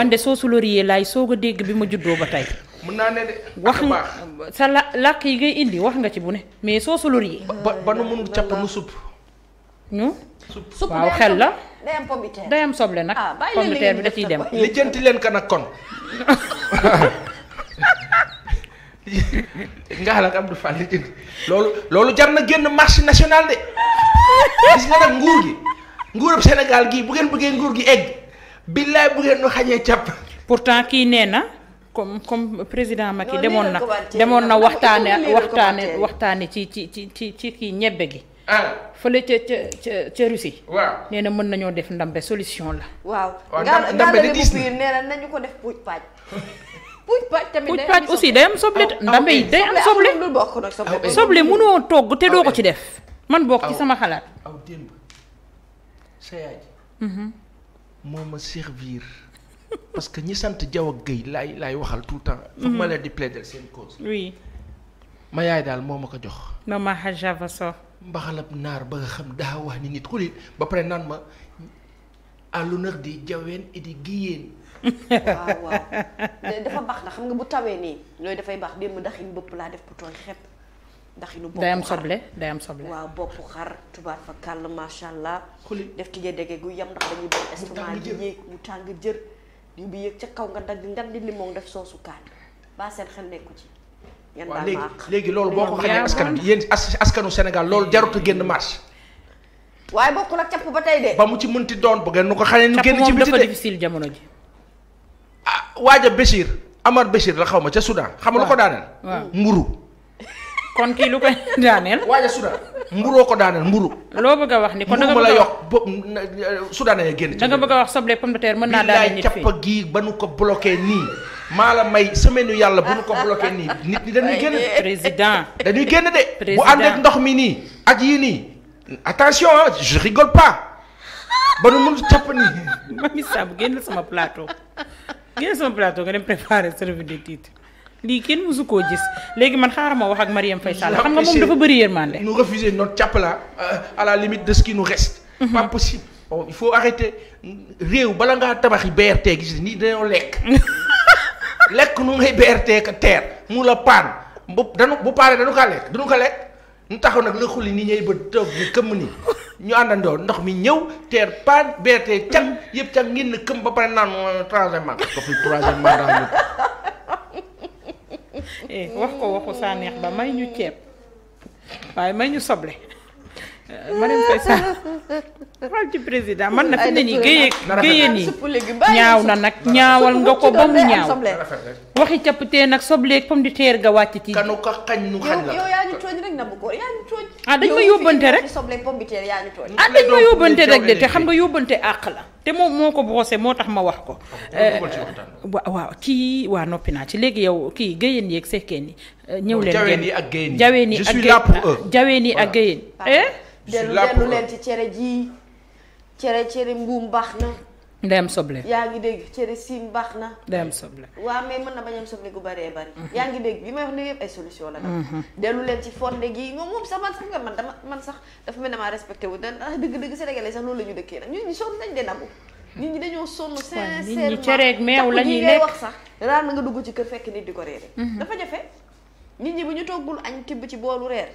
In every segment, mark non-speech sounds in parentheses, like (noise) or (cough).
man de soosu laurier laay soog a dégg bi ma juddoo ba tey. mën naa ne de wax nga sa la làkk yi ngay indi wax nga ci bu ne mais soosu laurier. ba ba nu mënul capp nu supp. ñu. supp waaw xel la. day am pomme de terre day am soble nag. ah pomme de terre bi da ciy dem. lijjanti leen kan ak kon. (laughs) nga xalaat Abdou Fall lijjanti loolu loolu jar na génn marché national de gis nga nag nguur gi nguurub Sénégal gii bu ngeen bëggee nguur gi egg. billaay bu ngeen nu xañee càpp pourtant kii nee na comme comme président Macky demoon na demoon na waxtaane waxtaane waxtaane ci ci ci ci ci kii ñebbe gi ah. fële ca ca ca ca Russie. waaw nee na mën nañoo def ndambe solution la. waaw ndambe de diis na nee na nañu ko def puuj paaj. (laughs) puuj paaj tamit day am soble puuj paaj aussi day am soble ndambe yi day am soble. soble mënoo togg te doo ko ci def. man bokk ci sama xalaat. aw démb moo ma servir parce que ñi sant Diaw ak Guèye laay laay waxal tout le temps. foog ma mhm. leen di plaider seen cause. oui. ma yaay daal moo ma ko jox. maman Hadja Basso. mbaxalab naar ba nga xam daa wax ni nit ku ba pare naan ma à di jaween et di giyeen. waaw waaw dafa baax na xam nga bu tawee nii loolu dafay baax démb ndax bëpp laa def pour tooy xepp. ndax nu bopp day am soble day am soble. waaw bopp xar tubaab fa kàll macha allah. def ci dege guy yam ndax dañuy doon estomac di yéeg mu tàng jër. li bi yéeg ca kaw nga dagg ngan di limon def soosu kaan ba seen xel nekku ci. yan daal léegi léegi loolu boo ko xañee askan bi yéen askanu Sénégal loolu eh. jarut a génn marche. waaye bokkul ak capp ba tey de. ba mu ci mënti doon bu ngeen nu ko xañee ñu génn ci biti de difficile jamono ji. ah waaja Béchir Amar Béchir la xaw ma ca Soudan. xam lu ko daaneel mburu kon kii lu koy (laughs) daaneel. waaye Soudan mburoo ko daaneel mburu. loo bëgg wax ni kon da nga bëgg a wax mburu ma la yokk Soudan nga bëgg a wax soble pomme de terre mën naa daaneel nit fii cappa gii ba nu ko bloqué nii maa la may semaine yàlla bu nu ko bloqué nii nit ñi dañuy génn. (laughs) président dañuy génn de. président bu ànd ak ndox mi nii ak yii nii. attention je rigole pas. ba nu mun capp nii. (laughs) Mamy Samb génn sama plateau génn sama plateau nga dem préparer service de titre. lii kenn mësu koo gis léegi man xaaral ma wax ak Marième Faye Sall xam nga moom dafa bëri yërmande. nous refuser notre chapela euh, à la limite de ce qui nous reste. Mhm. pas possible bon il faut arrêter réew bala ngaa tabaxi BRT gis nii dañoo lekk (laughs) lekk nu ngay BRT ka teer mu la paan bu danu bu paanee danu kaa lekk danu ko lekk ñu taxaw nag la xulli nii ñuy bët toog ñu këmm ni ñu àndandoo ndox mi ñëw teer paan BRT can yëpp can ngeen na këm ba pare naan euh, troisième mandat. Eh, wax ko waxu saa neex ba may ñu ceeb waaye may ñu soble Eh, Marème Faye Sall xool ci président man na fi ne nii géye géye nii ñaaw na nag ñaawal nga ko ba mu ñaaw waxi capitee nag sobleeg pomme de terre ga wàcc ci kanu ko xañ nu xañ la yow yaa na bu góor yaa ñu ah dañ ma yóbbante rek sobleeg pomme de terre yaa ñu tooñ ah dañ ma ah, yóbbante rek de te xam nga yóbbante àq la te moom moo ko brossé moo tax ma wax ko ah, waaw eh, kii waa noppi naa ci léegi yow kii géyeen yeeg sekkeen yi ñëw leen jaween yi ak gayeen yi ah, jaween yi ak eh? je suis là pour eux jaween gayeen dellu leen ci cere ji cere cere mbuum baax na ndeyam soble yaa ngi dégg cere siim baax na ndeyam soble waa mais mën na bañam soble gu baree bëri mm-hmm. yaa ngi dégg bi may wax ne yëpp ay solution la nag mm-hmm. dellu leen ci fonde gi moom moom sax man sax nga man dama man sax dafa mel damaa respecté wu da ah, dëgg-dëgg sénégalais sax loolu lañu ñu dëkkee nag ñun ñu sonn nañ de nabu nit ñi dañoo sonn sincèrement nit ñi cereeg meew la ñuy lekk wax sax raan na nga dugg ci kër fekk nit di ko nit ñi bu ñu toggul añ tibb ci boolu reer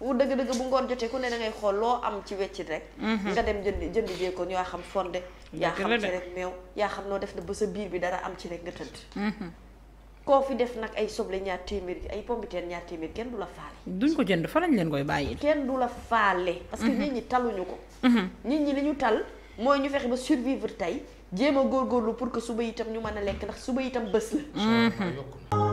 wu dëgg-dëgg bu ngoon jotee ku ne da ngay xool loo am ci weccit rek mhm. nga dem jënd jënd jee ko ñoo xam fonde yaa xam ci rek meew yaa xam noo def na ba sa biir bi dara am ci rek nga tëdd mhm. koo fi def nag ay soble ñaar téeméer ay pombiteer ñaar téeméer kenn du la faale duñ ko jënd fa lañ leen koy bàyyi kenn du la faale parce que mhm. nit ñi taluñu ko nit ñi li ñu tal mooy ñu fexe ba survivre tey jéem a góor góorgóorlu pour que suba itam ñu mën a lekk ndax suba itam bës la